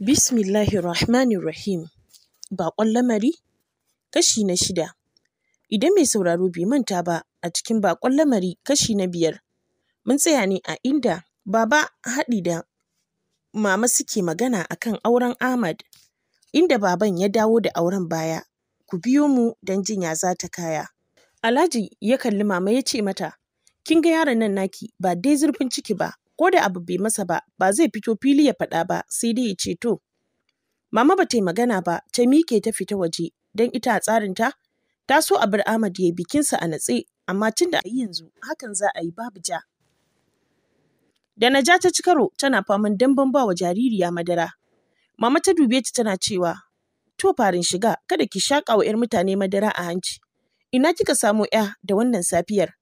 Bismillahir Rahmanir Rahim. Baƙon lamari kashi na shida. Idan mai sauraro bai manta ba a cikin baƙon lamari kashi na biyar, mun tsaya ne a inda baba haɗi da mama suke magana a kan auren Ahmad, inda baban ya dawo da auren baya. Ku biyo mu don jin ya za ta kaya. Alhaji ya kalli mama ya ce mata, kin ga yaron nan naki ba dai zurfin ciki ba ko da abu bai masa ba ba zai fito fili ya faɗa ba sai dai ya ce to mama ba ta yi magana ba ta mike ta fita waje don ita a tsarin ta Ta so a bar Ahmad ya yi bikinsa a natse amma tun da yanzu hakan za a yi babu ja da na ja ta ci karo tana faman damben ba wa jaririya madara mama ta dube ta tana cewa to farin shiga kada ki shaƙa wa 'yar mutane madara a hanci ina kika samo 'ya da wannan safiyar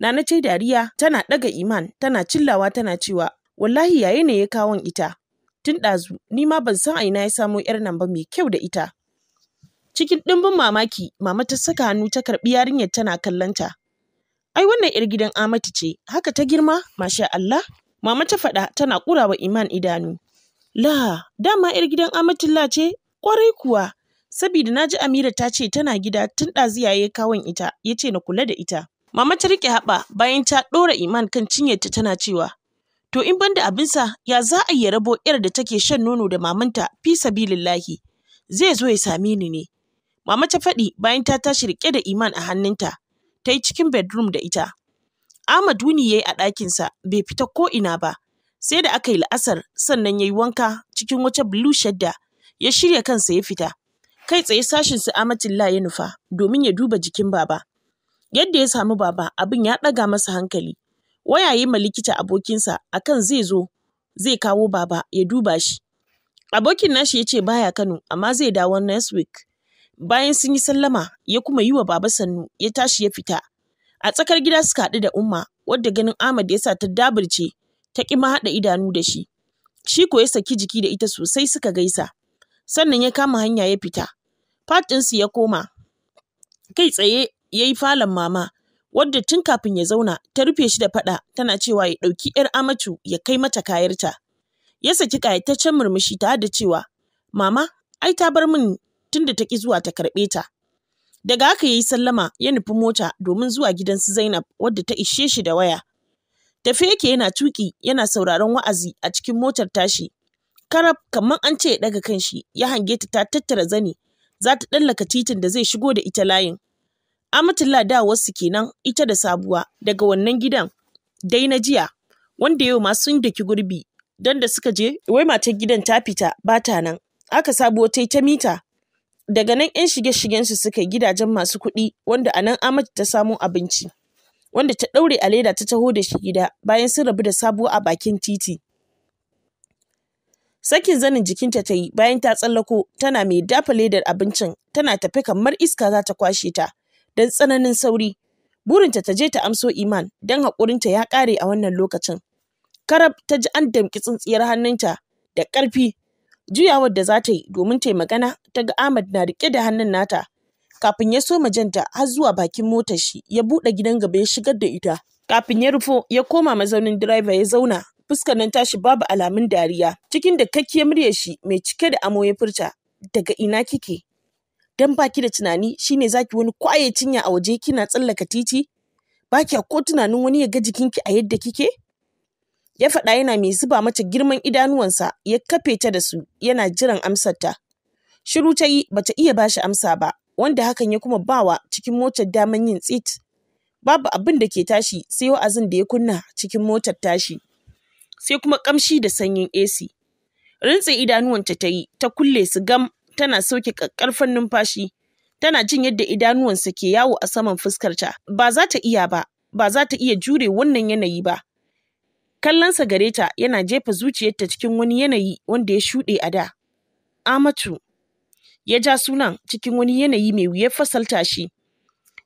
Nana ce dariya tana ɗaga Iman tana cillawa tana cewa wallahi yaye ne ya kawon ita. Tun ɗazu ni ma ban san a ina ya samo 'yar nan ba mai kyau da ita. Cikin ɗimbin mamaki mama ta saka hannu ta karɓi yarinyar tana kallonta. Ai wannan 'yar gidan Amatu ce haka ta girma masha Allah. Mama ta faɗa tana ƙurawa Iman idanu. La dama 'yar gidan Amatullah ce ƙwarai kuwa. Sabida na ji Amira ta ce tana gida tun ɗazu yaye kawon ita ya ce na kula da ita. Mama ta riƙe haɓa bayan ta ɗora Iman kan ta tana cewa, To in banda abin sa, ya za a yi rabo ‘yar da take shan nono da mamanta fi sabilillahi zai zo ya same ni ne. Mama ta faɗi bayan ta tashi riƙe da Iman a hannunta, ta yi cikin bedroom da ita. Ahmad wuni ya yi a ɗakinsa bai fita ko ina ba, sai da aka yi la'asar sannan ya yi wanka cikin wata blue shadda ya shirya kansa ya fita. Kai tsaye sashin su Amatulla ya nufa domin ya duba jikin baba. Yadda ya samu Baba abin ya ɗaga masa hankali. Waya ma likita abokinsa akan zai zo zai kawo Baba ya duba shi. Abokin nashi ya ce baya Kano amma zai dawo next week. Bayan sun yi sallama ya kuma yi wa Baba sannu ya tashi ya fita. A tsakar gida suka haɗu da Umma wadda ganin Ahmad ya sa ta dabirce ta ƙi ma haɗa idanu da shi. Shi ko ya saki jiki da ita sosai suka gaisa. Sannan ya kama hanya ya fita. Fat ɗinsu ya koma. Kai tsaye ya yi falon mama, wadda tun kafin ya zauna ta rufe shi da faɗa tana cewa ya ɗauki 'yar amatu ya kai mata kayarta. Ya saki ƙayataccen murmushi ta da cewa, Mama, ai ta bar min tunda ta ƙi zuwa ta karɓe ta. Daga haka ya yi sallama ya nufi mota domin zuwa gidan su Zainab wadda ta ishe shi da waya. Tafi yake yana tuki, yana sauraron wa'azi a cikin motar tashi. Karab kamar an ce ya ɗaga kanshi ya hange ta ta tattara zani za ta ɗan titin da zai shigo da ita layin. Amatullah wasu kenan ita da sabuwa daga wannan gidan dai na jiya wanda yau ma sun daki gurbi don da suka je wai matar gidan ta fita ba ta nan aka sabuwa ta yi ta mita daga nan 'yan shige-shigensu suka yi gidajen masu kuɗi wanda a nan Amatu ta samo abinci wanda ta ɗaure a leda ta taho da shi gida bayan sun rabu da sabuwa a bakin titi. Sakin zanin jikinta ta yi bayan ta tsallako tana mai dafa ledar abincin tana tafe kamar iska za ta kwashe ta don tsananin sauri. Burinta ta je ta amso Iman don haƙurinta ya ƙare a wannan lokacin. Karab ta ji an damƙi tsintsiyar hannunta da ƙarfi. Juyawar da za ta yi domin ta yi magana ta ga Ahmad na riƙe da hannun nata. Kafin ya so majanta har zuwa bakin motar shi ya buɗe gidan gaba ya shigar da ita. Kafin ya rufo ya koma mazaunin direba ya zauna fuskar nan tashi babu alamun dariya cikin da kakkiyar muryar shi mai cike da amo ya furta daga ina kike dan baki da tunani shine zaki wani kwaye cinya a waje kina tsallaka titi baki ko tunanin wani ya ga jikinki a yadda kike ya faɗa yana mai zuba mata girman idanuwansa ya kafe ta da su yana jiran amsarta shiru ta yi bata iya bashi amsa ba wanda hakan ya kuma bawa cikin motar daman yin tsit babu abin da ke tashi sai wa'azin da ya kunna cikin motar tashi sai kuma kamshi da sanyin AC rintse idanuwanta ta yi ta kulle su gam tana sauke ƙaƙƙarfan numfashi tana jin yadda idanuwansa ke yawo a saman fuskarta ba za ta iya ba ba za ta iya jure wannan yanayi ba kallonsa gare ta yana jefa zuciyarta cikin wani yanayi wanda ya shuɗe a da amatu ya ja sunan cikin wani yanayi mai wuyar fasalta shi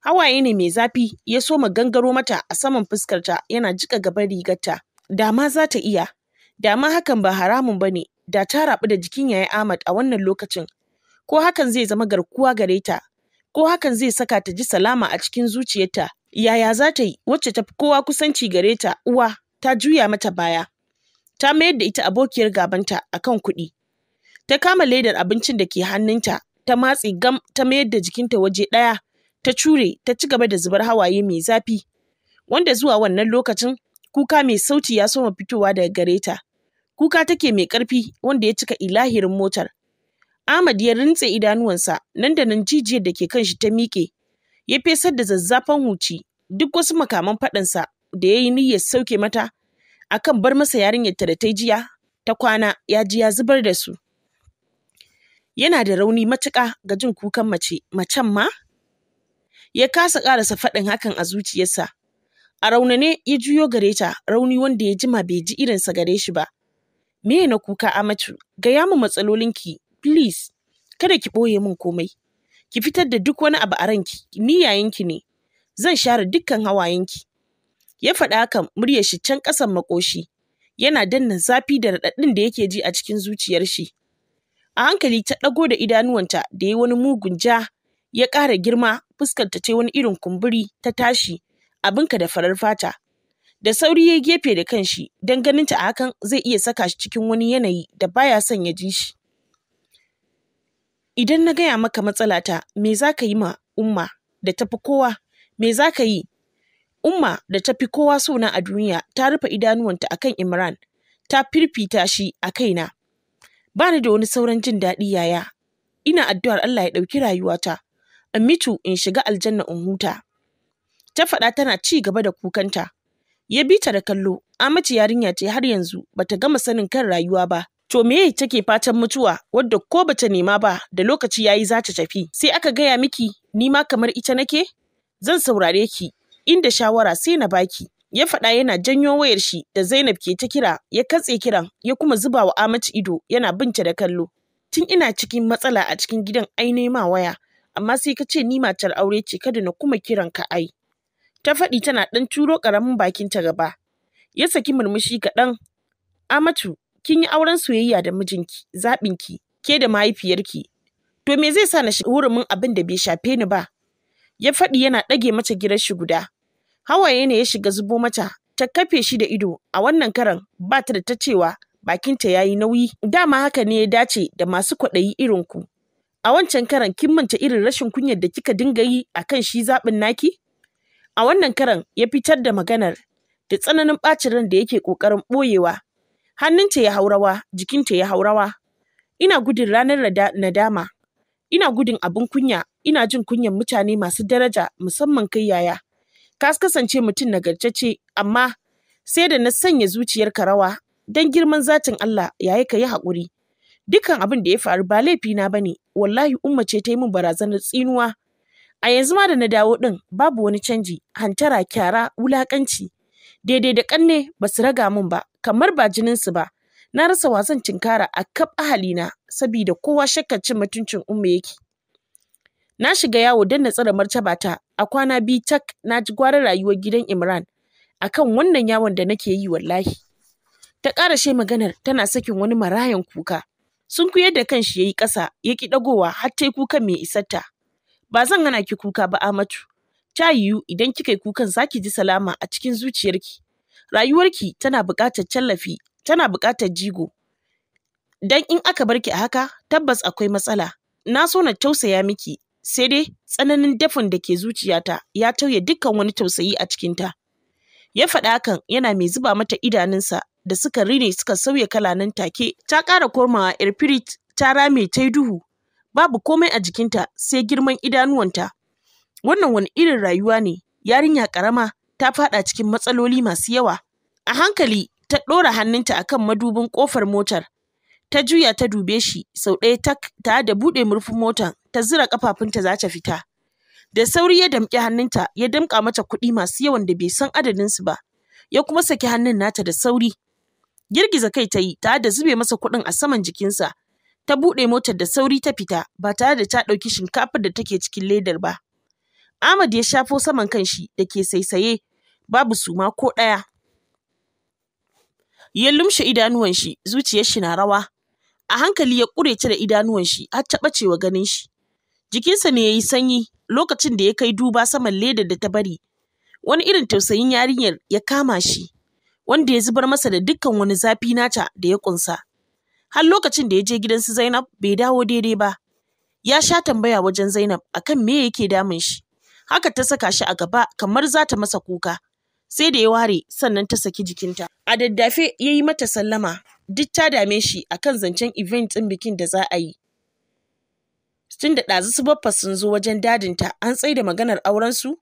hawaye ne mai zafi ya soma gangaro mata a saman fuskarta yana jika gaban rigarta da ma za ta iya da ma hakan ba haramun ba ne da ta rabu da jikin yayi Ahmad a wannan lokacin ko hakan zai zama garkuwa gare ta ko hakan zai saka ta ji salama a cikin zuciyarta yaya za ta yi wacce ta fi kowa kusanci gare ta uwa ta juya mata baya ta mayar da ita abokiyar gabanta akan kuɗi ta kama ledar abincin da ke hannunta ta matse gam ta mayar da jikinta waje ɗaya ta cure ta ci gaba da zubar hawaye mai zafi wanda zuwa wannan lokacin kuka mai sauti ya soma fitowa daga gare ta kuka take mai ƙarfi wanda ya cika ilahirin motar Ahmad ya rintse idanuwansa nan da nan jijiyar da ke kan shi ta miƙe ya fesar da zazzafan huci duk wasu makaman faɗansa da ya yi niyyar sauke mata akan bar masa yarinyar ta da ta jiya ta kwana ya ji ya zubar da su. Yana da rauni matuƙa ga jin kukan mace, macen ma? Ya kasa ƙarasa faɗin hakan a zuciyarsa. A raunane ya juyo gare ta rauni wanda ya jima bai ji irinsa gare shi ba. Me na kuka macu gaya mu matsalolinki please kada ki ɓoye min komai ki fitar da duk wani abu a ranki ni yayinki ne zan share dukkan hawayenki ya faɗa haka muryar shi can ƙasan makoshi yana danna zafi da raɗaɗin da yake ji a cikin zuciyar shi a hankali ta ɗago da idanuwanta da ya wani mugun ja ya ƙara girma fuskarta ce wani irin kumburi ta tashi abinka da farar fata da sauri ya gefe da kanshi don ganinta a hakan zai iya saka shi cikin wani yanayi da baya son ya ji shi Idan na gaya maka matsalata, me za ka yi ma umma da tafi kowa? Me za ka yi? Umma da tafi kowa suna a duniya ta rufe idanuwanta kan Imran, ta firfita shi a kaina. Ba ni da wani sauran jin daɗi yaya. Ina addu'ar Allah ya ɗauki rayuwata, in mitu in shiga aljanna in huta. Ta faɗa tana ci gaba da kukanta. Ya bi ta da kallo, Amatu yarinya ce har yanzu bata gama sanin kan rayuwa ba. To me take fatan mutuwa wadda ko bata nema ba da lokaci yayi za ta tafi sai aka gaya miki ni ma kamar ita nake? Zan saurare ki inda shawara sai na baki. Ya faɗa yana janyo wayar shi da Zainab ke ta kira ya katse kiran ya kuma zuba wa Amatu ido yana binta da kallo. Tun ina cikin matsala a cikin gidan ai nema waya amma sai ka ce ni matar aure ce kada na kuma kiran ka ai. Ta faɗi tana ɗan turo ƙaramin bakinta gaba. Ya saki murmushi kaɗan. Amatu kin yi auren soyayya da mijinki, zaɓinki, ke da mahaifiyarki. To me zai sa na shiga hurumin abin da bai shafe ni ba? Ya faɗi yana ɗage mata gidan shi guda. Hawaye ne ya shiga zubo mata, ta kafe shi da ido a wannan karan ba ta da ta cewa bakinta ya yi nauyi. Dama haka ne ya dace da masu kwaɗayi irin ku. A wancan karan kin manta irin rashin kunyar da kika dinga yi akan shi zaɓin naki? A wannan karan ya fitar da maganar da tsananin ɓacin ran da yake ƙoƙarin ɓoyewa Hannunta ya hau rawa, jikinta ya hau rawa. Ina gudun ranar nadama. Ina gudun abin kunya, ina jin kunyan mutane masu daraja musamman kai yaya. Ka kasance mutum nagartacce, amma sai da na sanya zuciyar rawa don girman zatin Allah yayi ka yi haƙuri. Dukan abin da ya faru ba na ba ne, wallahi umma ce ta yi min barazanar tsinuwa. A yanzu ma da na dawo ɗin babu wani canji, hantara, kyara, wulaƙanci. daidai da ƙanne ba su raga mun ba kamar ba jininsu ba na rasa wasan cinkara a kaf ahalina sabida kowa shakkar cin mutuncin umma yake na shiga yawo don na tsare martabata a kwana biyu tak na ji gwara rayuwar gidan imran akan wannan yawon da nake yi wallahi ta ƙara ƙarashe maganar tana sakin wani marayan kuka sun kuyar da kanshi ya yi ƙasa ya ƙi ɗagowa har ta yi kuka mai isarta ba zan hana ki kuka ba amatu ta yiwu idan kika yi kukan zaki ji salama a cikin zuciyarki rayuwarki tana buƙatar tallafi tana buƙatar jigo dan in aka barki a haka tabbas akwai matsala na so na tausaya miki sai dai tsananin dafin da ke zuciyata ya tauye dukkan wani tausayi a cikinta ya faɗa hakan yana mai zuba mata idanunsa da suka rine suka sauya kala nan take ta ƙara komawa yar firit ta rame ta duhu babu komai a jikinta sai girman idanuwanta Wannan wani irin rayuwa ne, yarinya ƙarama ta faɗa cikin matsaloli masu yawa. A hankali ta ɗora hannunta akan madubin kofar motar. Ta juya ta dube shi sau ɗaya ta tare da buɗe murfin motar ta zura ƙafafunta za ta fita. Da sauri ya damƙi hannunta ya damƙa mata kuɗi masu yawan da bai san adadin su ba. Ya kuma saki hannun nata da sauri. Girgiza kai ta yi tare da zube masa kuɗin a saman jikinsa. Ta buɗe motar da sauri ta fita ba tare da ta ɗauki shinkafar da take cikin ledar ba. Ahmad ya shafo saman kanshi da ke saisaye babu suma ko ɗaya. Ya lumshe idanuwan shi, zuciyar shi na rawa. A hankali ya ƙure ta da idanuwan shi har ta ɓacewa ganin shi. Jikinsa ne ya yi sanyi lokacin da ya kai duba saman leda da ta bari. Wani irin tausayin yarinyar ya kama shi, wanda ya zubar masa da dukkan wani zafi nata da ya ƙunsa. Har lokacin da ya je gidan su Zainab bai dawo daidai ba. Ya sha tambaya wajen Zainab akan me yake damun shi. haka ta saka shi a gaba kamar za ta masa kuka sai da ya ware sannan ta saki jikinta a daddafe ya yi mata sallama duk ta dame shi a kan zancen event ɗin bikin da za a yi tun da ɗazu su baffa sun zo wajen dadinta an tsaye da maganar aurensu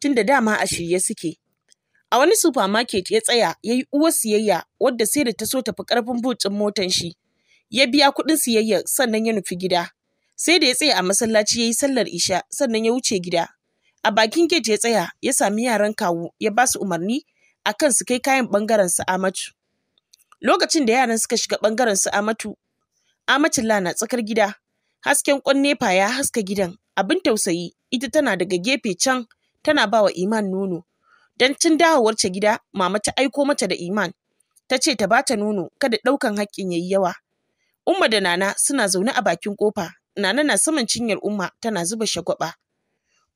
tun da dama a shirye suke a wani supermarket ya tsaya ya yi uwar siyayya wadda sai da ta so tafi karfin bucin motan shi ya biya kuɗin siyayyar sannan ya nufi gida sai da ya tsaya a masallaci ya yi sallar isha sannan ya wuce gida a bakin gate ya tsaya ya sami yaran kawu ya ba su umarni a kan su kai kayan ɓangaren su amatu lokacin da yaran suka shiga ɓangaren su amatu Amatu lana tsakar gida hasken kwan nefa ya haska gidan abin tausayi ita tana daga gefe can tana ba wa iman nono don tun dawowar ta gida mama ta aiko mata da iman ta ce ta bata nono kada ɗaukan haƙƙin ya yi yawa umma da nana suna zaune a bakin ƙofa. nana na saman cinyar umma tana zuba shagwaba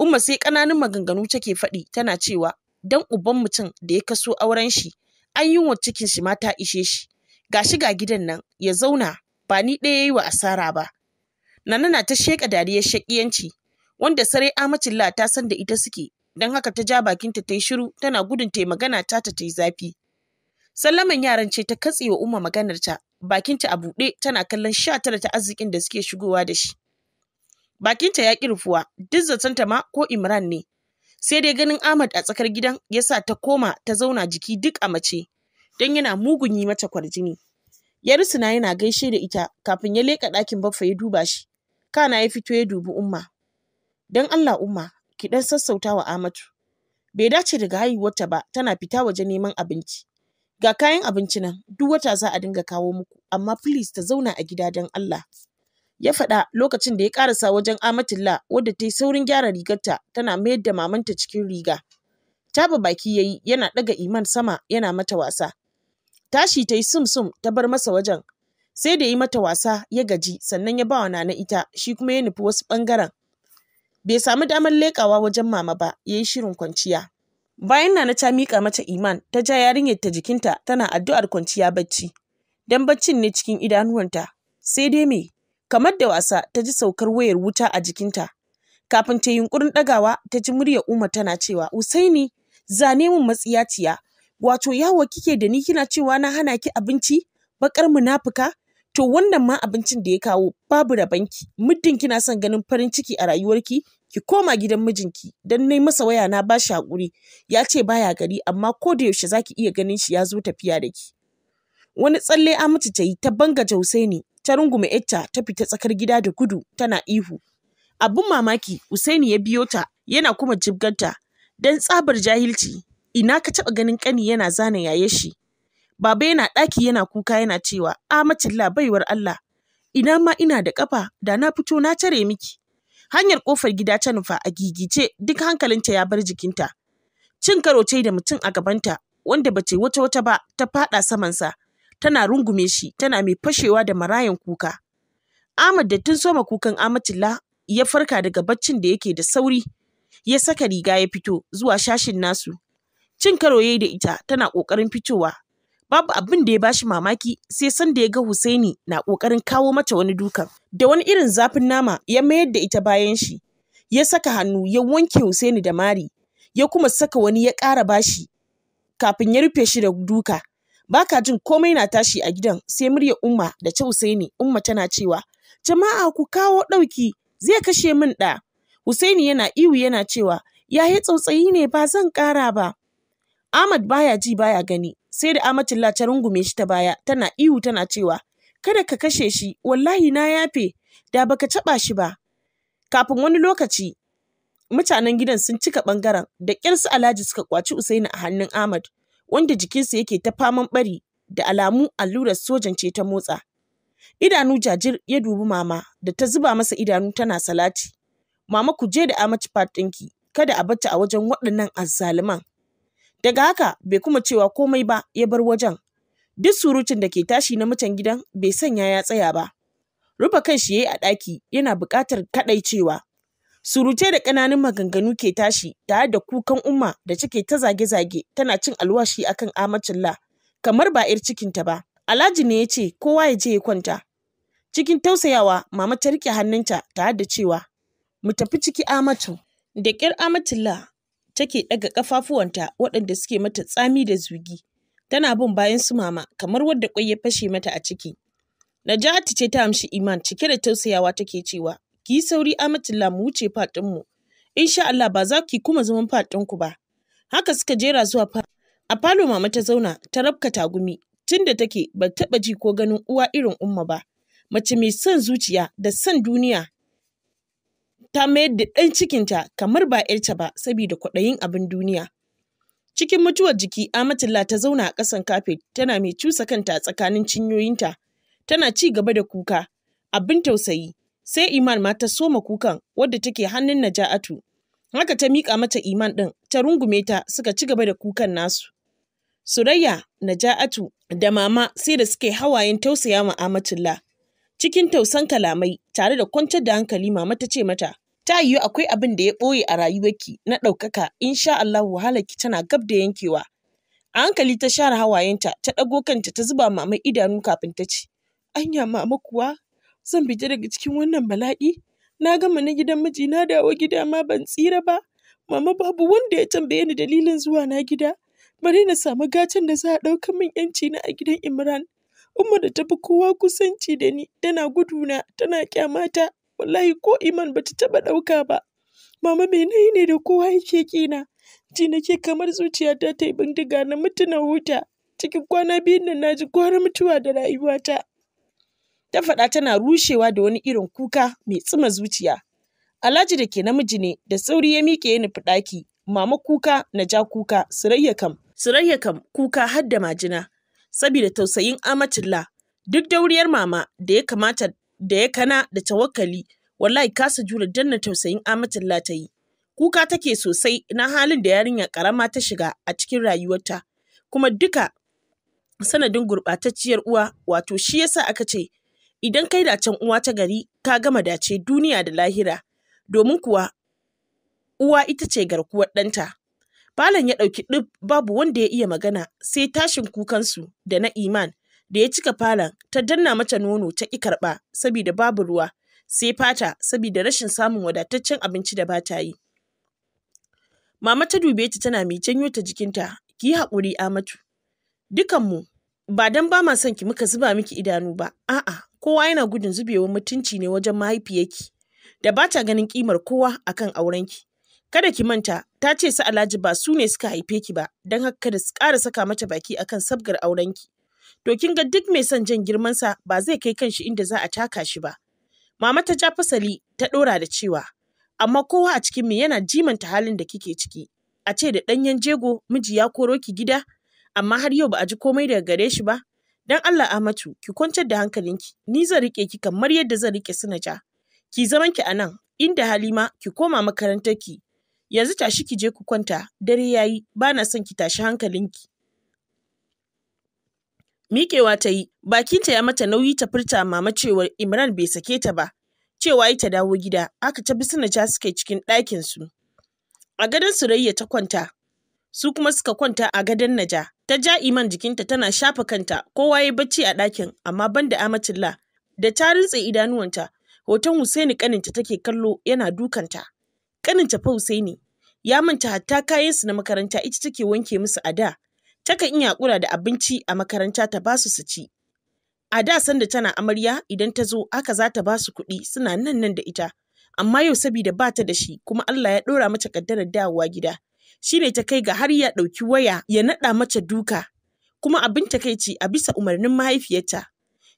Umma sai ƙananan maganganu take faɗi tana cewa dan uban mutum da ya kaso auren shi an wa cikin shi mata ishe shi Ga shi ga gidan nan ya zauna ba ni ɗaya yi wa asara ba. Nana na ta sheƙa dariyar shaƙiyanci wanda sarai la ta san da ita suke don haka ta ja bakinta ta yi shiru tana gudun ta magana ta ta ta yi zafi. Sallaman yaran ce ta katse wa Umma maganarta bakinta a buɗe tana kallon sha tara ta arzikin da suke shigowa da shi. Bakinta ya kirfuwa, rufuwa, duk ta ma ko Imran ne. Sai dai ganin Ahmad a tsakar gidan ya sa ta koma ta zauna jiki duk a mace, don yana mugun yi mata kwarjini. Ya rusuna yana gaishe da ita kafin ya leka ɗakin baffa ya duba shi. Kana ya fito ya dubi Umma. Don Allah Umma, ki ɗan sassauta wa Amatu. Bai dace daga haihuwarta ba tana fita waje neman abinci. Ga kayan abinci nan duk wata za a dinga kawo muku, amma please ta zauna a gida don Allah. ya faɗa lokacin da ya ƙarasa wajen Amatilla wadda ta yi saurin gyara rigarta tana mayar da mamanta cikin riga. Taba baki ya yi yana ɗaga iman sama yana mata wasa. Tashi ta yi sum-sum ta bar masa wajen. Sai da ya yi mata wasa ya gaji sannan ya bawa nana ita shi kuma ya nufi wasu ɓangaren. Bai samu damar leƙawa wajen mama ba ya yi shirin kwanciya. Bayan nana ta miƙa mata iman ta ja yarinyar ta jikinta tana addu'ar kwanciya bacci. Dan baccin ne cikin idanuwanta. Sai dai me kamar da wasa ta ji saukar wayar wuta a jikinta kafin ta yunkurin ɗagawa ta ji muryar umar tana cewa usaini zane min matsiyaciya wato yawo kike da ni kina cewa na hana ki abinci bakar munafuka to wannan ma abincin da ya kawo babu rabanki muddin kina son ganin farin ciki a rayuwarki ki koma gidan mijinki don nai masa waya na ba shi haƙuri ya ce baya gari amma ko da yaushe zaki iya ganin shi ya zo tafiya da ki wani tsalle aminci ta yi ta banga jausai ne ta rungume yarta ta fita tsakar gida da gudu tana ihu. Abin mamaki Usaini ya biyo ta yana kuma jibganta don tsabar jahilci ina ka taɓa ganin ƙani yana zana yaye shi. Baba yana ɗaki yana kuka yana cewa a macilla baiwar Allah ina ma ina da ƙafa da na fito na tare miki. Hanyar ƙofar gida ta nufa a gigice duk hankalinta ya bar jikinta. Cin karo ce da mutum a gabanta wanda bace wata wata ba ta faɗa samansa. tana rungume shi tana mai fashewa da marayan kuka. Ahmad da tun soma kukan Amatilla ya farka daga baccin da yake da sauri ya saka riga ya fito zuwa shashin nasu. Cin karo yayi da ita tana ƙoƙarin fitowa. Babu abin da ya bashi mamaki sai san da ya ga Husaini na ƙoƙarin kawo mata wani dukan. Da wani irin zafin nama ya mayar da ita bayan shi. Ya saka hannu ya wanke Husaini da mari ya kuma saka wani ya ƙara bashi kafin ya rufe shi da duka. Baka jin komai na tashi a gidan sai murya Umma da ta Husaini. Umma tana cewa, Jama'a ku kawo ɗauki zai kashe min ɗa. Husaini yana iwu yana cewa, Yaya tsautsayi ne ba zan ƙara ba. Ahmad baya ji baya gani sai da Amatullah ta rungume shi ta baya tana ihu tana cewa, Kada ka kashe shi, wallahi na yafe, da baka taɓa shi ba. Kafin wani lokaci, mutanen gidan sun cika ɓangaren da ƙyar su Alhaji suka kwaci Usaini a hannun Ahmad. wanda jikinsa yake ta faman bari da alamu allurar sojan ce ta motsa. Idanu jajir ya dubi mama da ta zuba masa idanu tana salati. Mama ku je da amaci ɗinki, kada a bata a wajen waɗannan azzaluman. Daga haka bai kuma cewa komai ba ya bar wajen. Duk surutun da ke tashi na mutan gidan bai sanya ya tsaya ba. Rufe kai shi ya yi a ɗaki yana buƙatar kaɗai cewa Surutai da ƙananan maganganu ke tashi tare da kukan Umma da cike ta zage-zage tana cin alwashi akan la kamar ba 'yar cikinta ba. Alhaji ne ya ce kowa ya je ya kwanta. Cikin tausayawa mama ta rike hannunta tare da cewa mu tafi ciki Amatu. Da ƙyar la take ɗaga ƙafafuwanta waɗanda suke mata tsami da zugi. Tana bin bayan su mama kamar wadda ƙwai ya fashe mata a ciki. Najati ce ta amshi Iman cike da tausayawa take cewa ki yi sauri Amatilla mu wuce fat ɗinmu. Insha Allah ba za ki kuma zaman fat ku ba. Haka suka jera zuwa fat. A falo mama ta zauna ta rabka tagumi tunda take ba taɓa ji ko ganin uwa irin umma ba. Mace mai son zuciya da son duniya ta mayar da ɗan cikinta kamar ba ‘yarta ba saboda kwaɗayin abin duniya. Cikin mutuwar jiki Amatilla ta zauna a ƙasan kafe tana mai cusa kanta tsakanin cinyoyinta tana ci gaba da kuka abin tausayi sai iman ma ta soma kukan wadda take hannun naja'atu haka ta miƙa mata iman ɗin ta rungume ta suka ci gaba da kukan nasu surayya naja'atu da mama sai da suke hawayen tausaya ma amatullah cikin tausan kalamai tare da kwantar da hankali mama ta ce mata ta yiwu akwai abin da ya ɓoye a rayuwarki na ɗaukaka insha Allah ki tana gab da yankewa a hankali ta share hawayenta ta ɗago kanta ta zuba mama idanu kafin ta ce anya mama kuwa zan fita daga cikin wannan bala'i na gama na gidan miji na dawo gida ma ban tsira ba mama babu wanda ya tambaye ni dalilin zuwa na gida bari na samu gacin da za a ɗauka min yanci na a gidan imran umma da tafi kowa kusanci da ni tana guduna tana kyamata wallahi ko iman ba ta taɓa ɗauka ba mama me nayi ne da kowa yake kina ji nake kamar zuciya ta yi bindiga na mutu na huta cikin kwana biyun nan na ji gwara mutuwa da rayuwata ta faɗa tana rushewa da wani irin kuka mai tsima zuciya. Alhaji da ke namiji ne da sauri ya miƙe ya nufi ɗaki, mama kuka na ja kuka, surayya kam, surayya kam kuka har da majina, saboda tausayin amatilla, duk dauriyar mama da ya kamata da ya kana da tawakkali, wallahi kasa jure danna tausayin amatilla ta yi. Kuka take sosai na halin da yarinya karama ta shiga a cikin rayuwarta, kuma duka sanadin gurɓatacciyar uwa, wato shi yasa aka ce Idan kai dacen uwa ta gari, ka gama dace duniya da lahira, domin kuwa uwa ita ce garkuwar ɗanta. Falon ya ɗauki ɗib babu wanda ya iya magana sai tashin kukansu da na iman da ya cika falon ta danna mata nono ta ƙi karɓa saboda babu ruwa sai fata saboda rashin samun wadataccen abinci da bata yi. Mama ta dube ta tana mai janyo ta jikinta ki yi haƙuri Amatu. Dukanmu ba don ba ma son ki muka zuba miki idanu ba a'a kowa yana gudun zubewar mutunci ne wajen mahaifiyarki da ba ta ganin kimar kowa akan aurenki. Kada ki manta, ta ce su Alhaji ba su ne suka haife ki ba, don haka kada su ƙara saka mata baki akan sabgar aurenki. To kin ga duk mai son jan girmansa ba zai kai kanshi inda za a taka shi ba. Mama ta ja fasali ta ɗora da cewa, amma kowa a cikin mu yana jimanta halin da kike ciki. A ce da ɗanyen jego miji ya koro ki gida, amma har yau ba a ji komai daga gare shi ba, Dan Allah Amatu, ki kwantar da hankalinki, ni zan rike ki kamar yadda zan riƙe sinaja. Ki zaman ki a nan, inda Halima ki koma makarantar ki. Yanzu tashi ki je ku kwanta, dare yayi, ba na son ki tashi hankalinki. Miƙewa ta yi, bakinta ya mata nauyi ta furta mama cewar Imran bai sake ta ba, cewa ta dawo gida, aka ta bi sinaja suke cikin ɗakin su. A gadon Surayya ta kwanta, su kuma suka kwanta a gadon Naja. Ta ja iman jikinta tana shafa kanta, kowa ya bacci a ɗakin, amma ban da Amacilla. Da ta rintse idanuwanta, hoton Husaini kaninta take kallo yana dukanta. Kaninta fa Husaini, ya manta hatta kayansu na makaranta ita take wanke musu a da. taka iya haƙura da abinci a makaranta ta basu su ci. A da sanda tana amarya idan ta zo haka za ta basu kuɗi suna nan nan da ita. Amma yau sabida ba ta da shi kuma Allah ya ɗora mata ƙaddarar dawowa gida. shine ta kai ga har ya ɗauki waya ya naɗa mata duka kuma abin takaici a bisa umarnin mahaifiyarta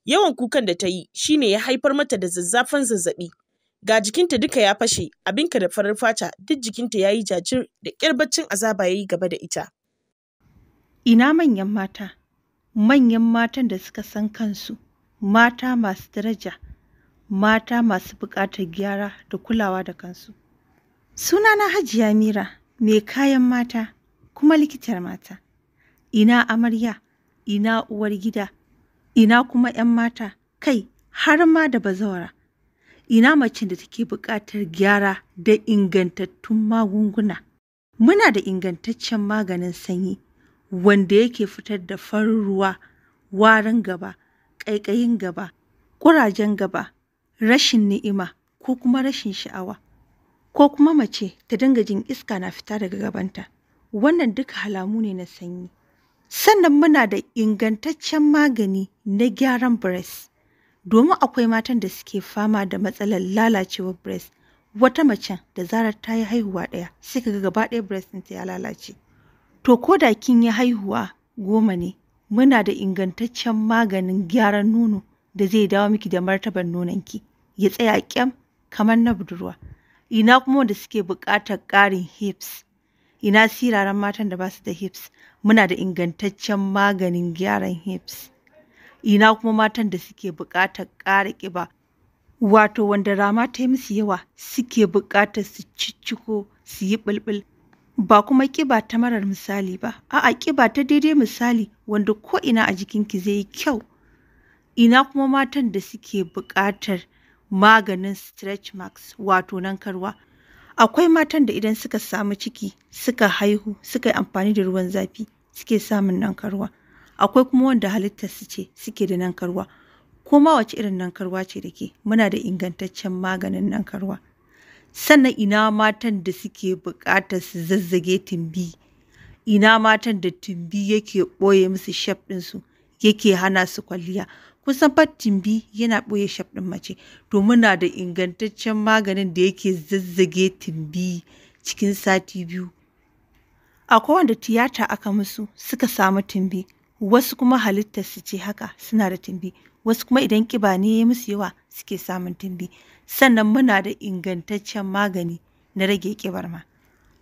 yawan kukan da ta yi shine ya haifar mata da zazzafan zazzabi ga jikinta duka ya fashe abinka da farar fata duk jikinta ya yi jajir da ƙyar baccin azaba ya yi gaba da ita ina manyan mata manyan matan da suka san kansu mata masu daraja mata masu buƙatar gyara da kulawa da kansu sunana hajiya mira Me kayan mata kuma likitar mata. Ina amarya, ina uwar gida, ina kuma ‘yan mata, kai har ma da bazawara. Ina macen da take buƙatar gyara da ingantattun magunguna. Muna da ingantaccen maganin sanyi wanda yake fitar da farin ruwa, warin gaba, ƙaiƙayin gaba, ƙurajen gaba, rashin ni'ima ko kuma rashin sha'awa. ko kuma mace ta dinga jin iska na fita daga gabanta. Wannan duka halamu ne na sanyi. Sannan muna da ingantaccen magani na gyaran breast. Domin akwai matan da suke fama da matsalar lalacewar breast. Wata macen da zarar ta yi haihuwa ɗaya, sai ka ga gaba ɗaya breast ɗinta ya lalace. To ko da kin yi haihuwa goma ne, muna da ingantaccen maganin gyaran nono da zai dawo miki da martaban nononki, ya tsaya kyam kamar na budurwa. ina kuma wanda suke buƙatar ƙarin hips ina siraran matan da ba su da hips muna da ingantaccen maganin gyaran hips ina kuma matan da suke buƙatar ƙara ƙiba wato wanda rama ta yi musu yawa suke buƙatar su cicciko su yi ɓulɓul ba kuma ƙiba ta marar misali ba a'a ƙiba ta daidai misali wanda ko ina a jikinki zai yi kyau ina kuma matan da suke buƙatar maganin stretch marks wato nankarwa. Akwai matan da idan suka samu ciki suka haihu suka yi amfani da ruwan zafi suke samun nankarwa. Akwai kuma wanda su ce suke da nankarwa. Koma wace irin nankarwa ce da ke muna da ingantaccen maganin nankarwa. Sannan ina matan da suke buƙatar su zazzage tumbi, ina matan da tumbi yake ɓoye musu shef ɗinsu yake hana su kwalliya. Kusan fattimbi yana ɓoye shaf ɗin mace, to muna da ingantaccen maganin da yake zazzage timbi cikin sati biyu. A kowanda tiyata aka musu suka samu timbi, wasu kuma halittarsu ce haka suna da timbi wasu kuma idan kiba ne ya musu yawa suke samun timbi, Sannan muna da ingantaccen magani na rage ƙibar ma.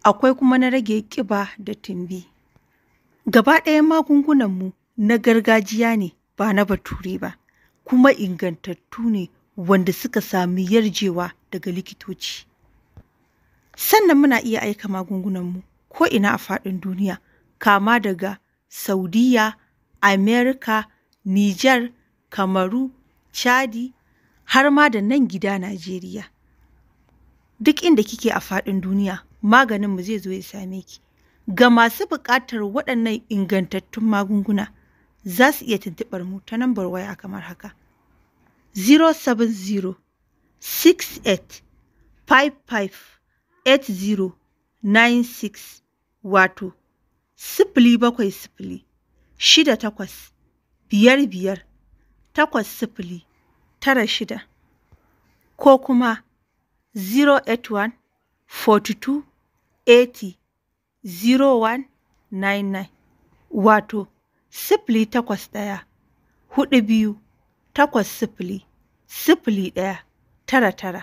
Akwai kuma na rage ƙiba da timbi. Gaba ɗayan magungunanmu na gargajiya ne ba na bature ba kuma ingantattu ne wanda suka sami yarjewa daga likitoci. Sannan muna iya aika magungunanmu ko ina a faɗin duniya kama daga Saudiya, Amerika, Nijar, Kamaru, Chadi har ma da nan gida Najeriya. Duk inda kike a faɗin duniya maganinmu zai zo ya same ki. Ga masu buƙatar waɗannan ingantattun magunguna za su iya tuntuɓar mu ta nambar waya kamar haka 070 68 55 80 96 wato sifili bakwai sifili shida takwas biyar biyar takwas tara shida ko kuma 081 42 80 0199 wato sifili takwas ɗaya huɗu biyu takwas sifili sifili ɗaya tara tara.